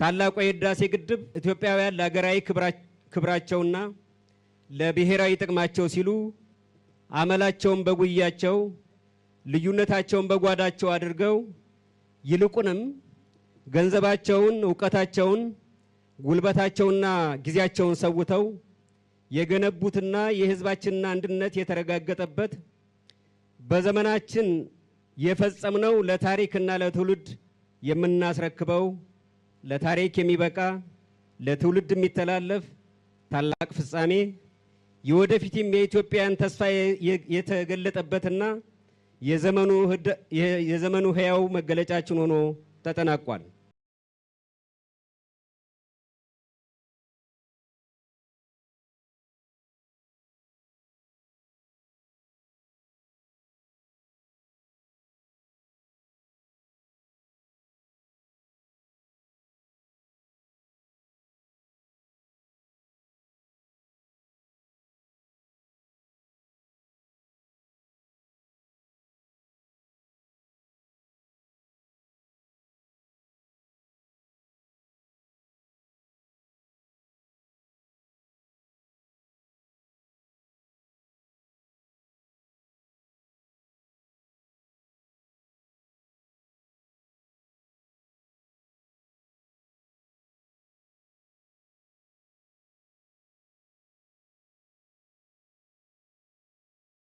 ታላቁ የህዳሴ ግድብ ኢትዮጵያውያን ለሀገራዊ ክብራቸውና ለብሔራዊ ጥቅማቸው ሲሉ አመላቸውን በጉያቸው ልዩነታቸውን በጓዳቸው አድርገው ይልቁንም ገንዘባቸውን፣ እውቀታቸውን፣ ጉልበታቸውና ጊዜያቸውን ሰውተው የገነቡትና የህዝባችንና አንድነት የተረጋገጠበት በዘመናችን የፈጸምነው ለታሪክና ለትውልድ የምናስረክበው ለታሪክ የሚበቃ ለትውልድ የሚተላለፍ ታላቅ ፍጻሜ የወደፊትም የኢትዮጵያን ተስፋ የተገለጠበትና የዘመኑ ህያው መገለጫችን ሆኖ ተጠናቋል።